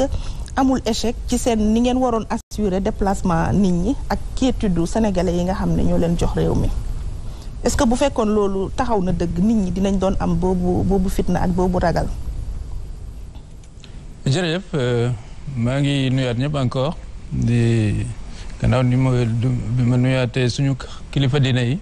que amul échec ci seen ni ngeen waroon assurer déplacement nit ñi ak quiétude sénégalais yi nga xam ne ñoo leen jox réew mi est-ce que bu fekkoon loolu taxaw na dëgg nit ñi dinañ doon am boobu boobu fitna ak boobu ragal. jërëjëf euh, maa ngi nuyaat ñëpp encore di gannaaw ni ma bi ma suñu kilifa diine yi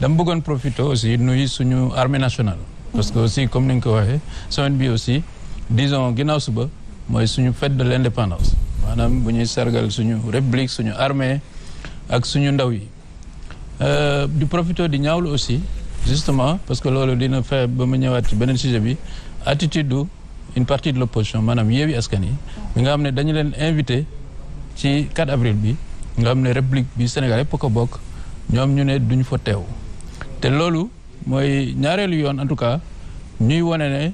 dama bëggoon profité aussi nuyu suñu armée nationale. parce que aussi comme ni nga ko waxee semaine bi aussi disons ginnaaw suba. mooy suñu fête de l'indépendance maanaam bu ñuy sargal suñu république suñu armée ak suñu ndaw yi euh, di profiter di ñaawlu aussi justement parce que loolu dina fexe ba mu ñëwaat ci beneen sujet bi attitude du une partie de l'opposition maanaam Yewwi Askan Wi bi nga xam ne dañu leen invité ci 4 avril bi nga xam ne république bi Sénégal yëpp ko bokk ñoom ñu ne duñu fa teew te loolu mooy ñaareelu yoon en tout cas ñuy wone ne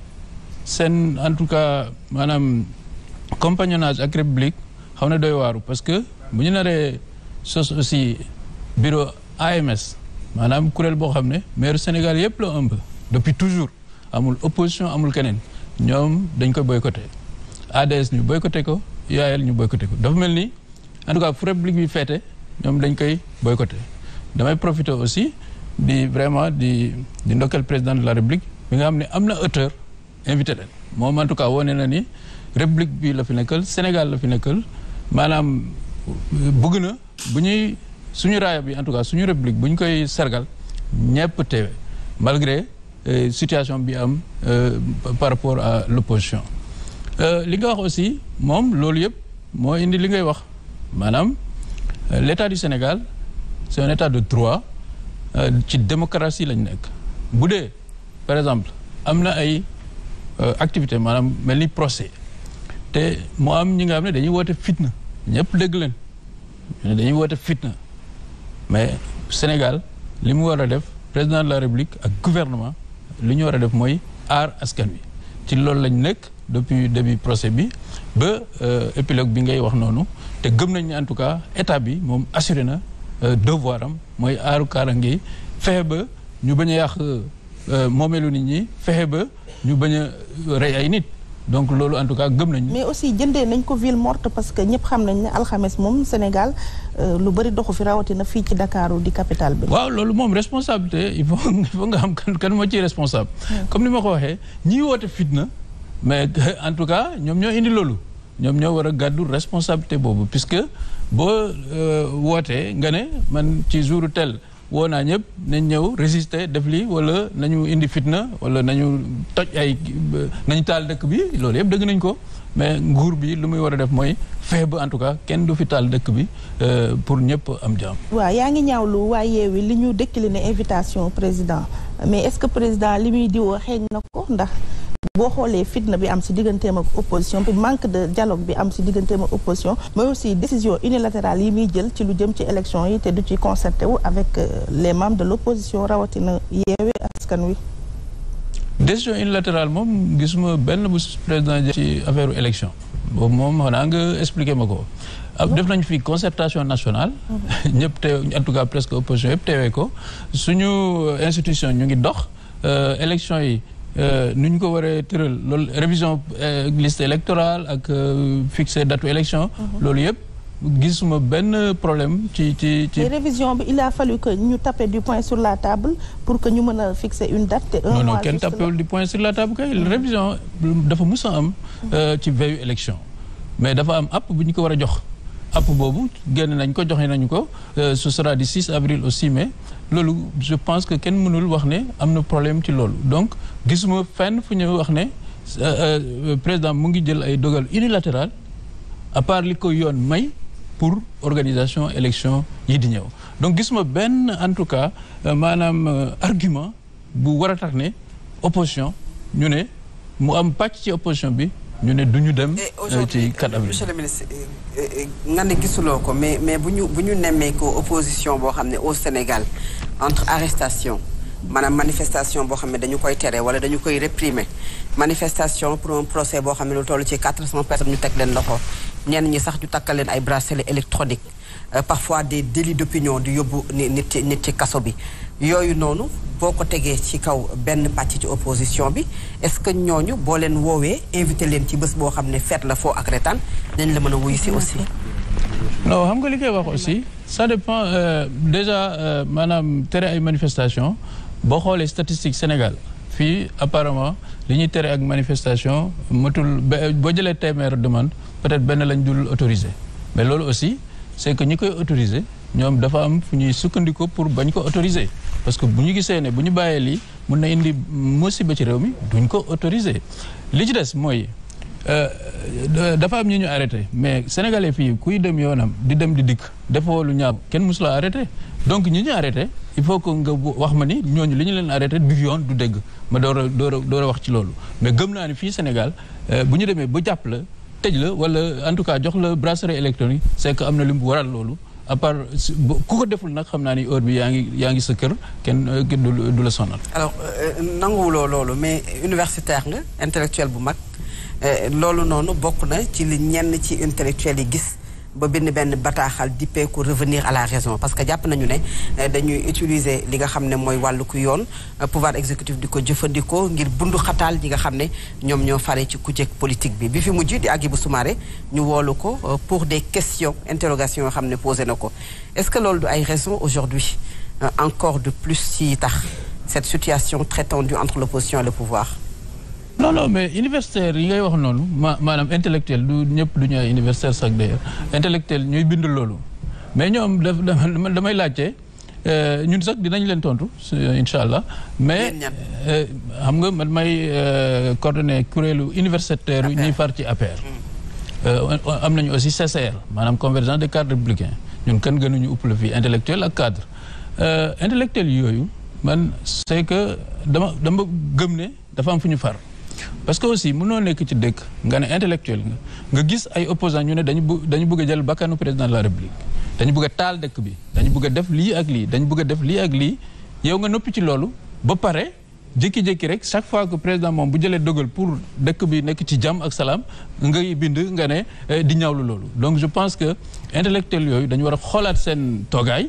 seen en tout cas maanaam compagnonnage ak république xaw na doy waaru parce que bu ñu naree sos aussi bureau AMS madame kuréel boo xam maire Sénégal yëpp la ëmb depuis toujours amul opposition amul keneen ñoom dañ ko boycotté ADS ñu boycotté ko UAL ñu boycotté ko dafa mel ni en tout cas fu république bi feete ñoom dañ koy boycotté damay profité aussi de vraiment de, du local président de la république bi nga xam un am hauteur invité leen moom en tout cas wone na ni république bi la fi nekkal Sénégal la fi nekkal maanaam bëgg na bu ñuy suñu raaya bi en tout cas suñu république buñ koy sargal ñëpp teewe malgré euh, situation bi am euh, par rapport à l'opposition euh, li nga wax aussi moom loolu yëpp moo indi li ngay wax maanaam l'état du Sénégal c'est un état de droit ci démocratie lañ nekk bu dee par exemple am na ay activité maanaam mel ni procès te mu am ñi nga xam ne dañuy woote fitna ñëpp dégg leen ñu ne dañuy woote fitna mais Sénégal li mu war a def président de la République ak gouvernement li ñu war a def mooy aar askan wi ci loolu lañ nekk depuis début procès bi ba euh, épilogue bi ngay wax noonu te gëm nañ ne en tout cas état bi moom assuré na euh, devoir am mooy aaru kaaraange fexe ba ñu bañ a yàq euh, moomeelu nit ñi fexe ba ñu bañ a rey ay nit donc lolu en tout cas gëm nañ mais aussi jëndé nañ ko ville morte parce que ñëpp xam nañ al alxames mom Sénégal euh, lu bari doxu fi rawati na fi ci dakar di capitale bi. waaw lolu mom responsabilité il faut il faut nga am kan kan moo ciy responsable. comme ni ma ko waxee ñiy woote fitna mais en tout cas ñom ñoo indi lolu ñom ñoo wara gaddu responsabilité bobu puisque bo euh, wootee nga ne man ci jouru tel. woo naa ñëpp nañ ñëw résister def li wala nañu indi fitna wala nañu toj ay nañu taal dëkk bi loolu yëpp dëgg nañ ko mais nguur bi lu muy war a def mooy fexe ba en tout cas kenn du fi taal dëkk bi euh, pour ñëpp am jàmm. waaw yaa ngi ñaawlu waaye Yewwi li ñu ne invitation président mais est-ce que président li muy diwoo xeeñ na ko ndax. boo xoolee fitna bi am ci digganteem ak opposition bi manque de dialogue bi am ci digganteem opposition mais aussi décision unilatérale yi muy jël ci lu jëm ci élection yi té du ci concerté wu avec euh, les membres de l'opposition opposition rawatina yeewe askan wi décision unilatérale mom gisuma benn bu président ci affaire élection boobu mom xanaa nga expliqué ma ko def nañ fi concertation nationale mhm. ñëpp teew en tout cas presque opposition yëpp teewee ko suñu euh, institution ñu ngi dox euh, élection yi euh, nous, ñu ko waree révision de euh, révision liste électorale ak euh, fixer date élection. Mhm. loolu yëpp gisuma un problème ci ci ci. révision il a fallu que nous tapions du poing sur la table pour que nous mën fixer une date. et un non non a tape du poing sur la table la mhm. révision dafa mus a am. ci veille élection mais dafa am app bu ñu app boobu génn nañ ko joxe nañu ko euh, ce sera du 6 avril au 6 mai loolu je pense que Ken mënul wax ne am na problème ci loolu donc gisuma fenn fu ñu wax ne euh, euh, président mu ngi jël ay dogal unilatéral à part li mai pour organisation élection yi di ñëw donc gisuma benn en tout cas maanaam argument bu war tax ne opposition ñu ne mu am pàcc ci opposition bi nous euh, monsieur le ministre euh, euh, Nous ne mais mais nous l'opposition au Sénégal entre arrestation manifestation manifestation pour un procès Nous nous 400 personnes nous ñi sax ñu ay euh, parfois des délits d'opinion du yobu nit nit ci bi est-ce que ñoñu bo invité leen ci bëss bo xamné la fo ak rétane dañ la aussi non xam nga aussi ça dépend euh, déjà euh, Madame, manifestation Sénégal Puis, apparemment li ñuy tere ak manifestation matul boo jëlee téeméer demande peut-être benn lañ dul autorisé mais loolu aussi c'est que ñi koy autorisé ñoom dafa am fu ñuy sukkandiku pour bañ ko autorisé parce que bu ñu gisee ne bu ñu bàyyee lii mun na indi ba ci réew mi duñ ko autorisé li ci des mooy Euh, euh, dafa am ñu ñu arrêté mais sénégalais fii kuy dem yoonam di dem di dikk defoo lu ñaaw kenn musu la arrêté donc ñu ñu arrêté il faut que nga wax ma ni ñooñu li ñu leen arrêté du yoon du dégg ma door a door a wax ci loolu mais gëm naa ni fii Sénégal euh, bu ñu demee ba jàpp la tëj la wala en tout cas jox la bracelet électronique c'est que am na lu mu waral loolu à ku ko deful nag xam naa ni heure bi yaa ngi yaa ngi sa kër kenn du la sonal alors nanguwuloo loolu mais universitaire nga intellectuel bu mag Eh, loolu noonu bokk na ci li ñenn ci intellectuel yi gis ba bind benn bataaxal dippeeku revenir à la raison parce que jàpp nañu ne eh, dañuy utiliser li nga xam ne mooy wàllu ku yoon eh, pouvoir exécutif di ko jëfandikoo ngir bundu xataal ñi nga xam ne ñoom ñoo fare ci kujeg politique bi bi fi mujj di Hadjibou Soumaré ñu woolu ko pour des questions interrogations yoo xam ne posé na ko est-ce que loolu du ay raison aujourd'hui encore de plus ci tax cette situation très tendue entre l'opposition et le pouvoir non non mais universitaire yi ngay wax noonu ma maanaam intellectuel du ñëpp du ñu ay universitaire sax d'ailleurs intellectuel ñuy bind loolu mais ñoom daf damay laajte euh, ñun sax dinañ leen tontu incha allah mais euh, xam nga man may euh, coordonné kuréelu universitaire yi ñuy far ci APR am nañu aussi CCR maanaam convergence de cadres républicains ñun kan gënuñu upp la fii intellectuel ak cadre intellectuel yooyu man c'est que dama dama gëm ne dafa am fu ñu far parce que aussi mënoo nekk ci dëkk nga ne intellectuel nga nga gis ay opposants ñu ne dañu dañu bëgg a jël bakkanu président de la république dañu bëgg taal dëkk bi dañu bëgg def lii ak lii dañu bëgg a def lii ak lii yow nga noppi ci loolu ba pare jékki-jékki rek chaque fois que président moom bu jëlee dogal pour dëkk bi nekk ci jàmm ak salaam ngay bind nga ne eh, di ñaawlu loolu donc je pense que intellectuel yooyu dañu war a xoolaat seen toogaay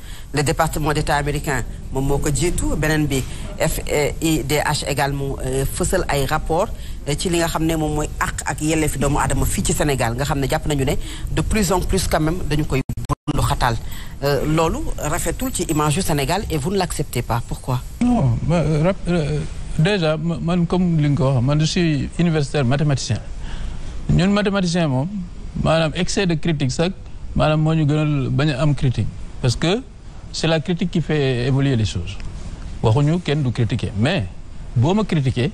le département d'état américain moom moo ko jiitu beneen bi FIDH également euh, Fossil ay rapport euh, ci li nga ramené, ne moom Ak, àq ak yelleefi doomu aadama fii ci Sénégal nga xam ne nañu ne de plus en plus quand même dañu koy bundu xataal euh, loolu rafetul ci image yu Sénégal et vous ne l'acceptez pas pourquoi non déjà man comme li nga wax man je suis universitaire mathématicien ñun mathématicien moom maanaam excès de critique sax maanaam moo gënal am critique parce que c'est la critique qui fait évoluer les choses waxuñu kenn du critiquer mais boo ma critiquer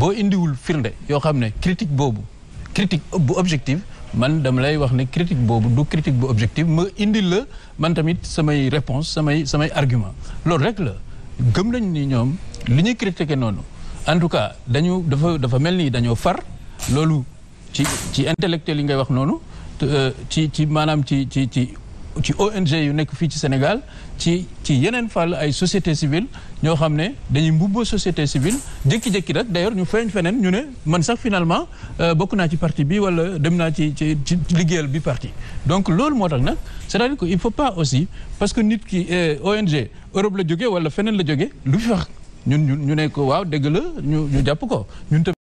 boo indiwul firnde yoo xam critique boobu critique bu objective man dama lay wax ne critique boobu du critique bu objective ma indi le man tamit samay réponse samay samay argument loolu rek la gëm nañ ni ñoom li ñuy critiquer noonu en tout cas dañu dafa dafa mel ni far lolu, ci ci intellectuel yi ngay wax noonu euh, ci ci maanaam ci ci ci ci ONG yu nek fi ci Sénégal ci ci yenen fàll ay société civile ñoo xamné ne dañuy mbubboo société civile jékki-jékki nak d'ailleurs ñu feeñ fenen ñu ne man sax finalement euh, bokk naa ci parti bi wala dem naa ci ci ci bi parti donc lool moo nak c'est-à-dire que il faut pas aussi parce que nit ki euh, ONG Europe la jóge wala fenen la jóge lu fi wax ñun ñu ne ko waaw dégg la ñu ñu japp ko ñun